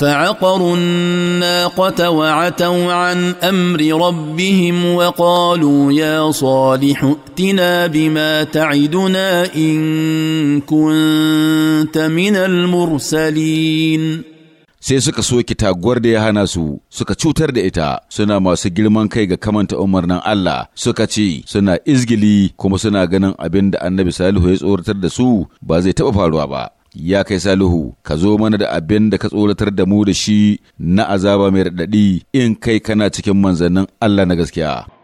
فعقروا الناقة وعتوا عن أمر ربهم وقالوا يا صالح ائتنا بما تعدنا إن كنت من المرسلين sai suka soke taguwar da ya hana su suka cutar da ita suna masu girman kai ga kamanta umarnin Allah suka ce suna izgili kuma suna ganin abin da annabi salihu ya tsoratar da su ba zai taɓa faruwa ba ya kai Salihu, ka zo mana da abin da ka tsoratar da mu da shi na azaba mai raɗaɗi in kai kana cikin manzannin Allah na gaskiya.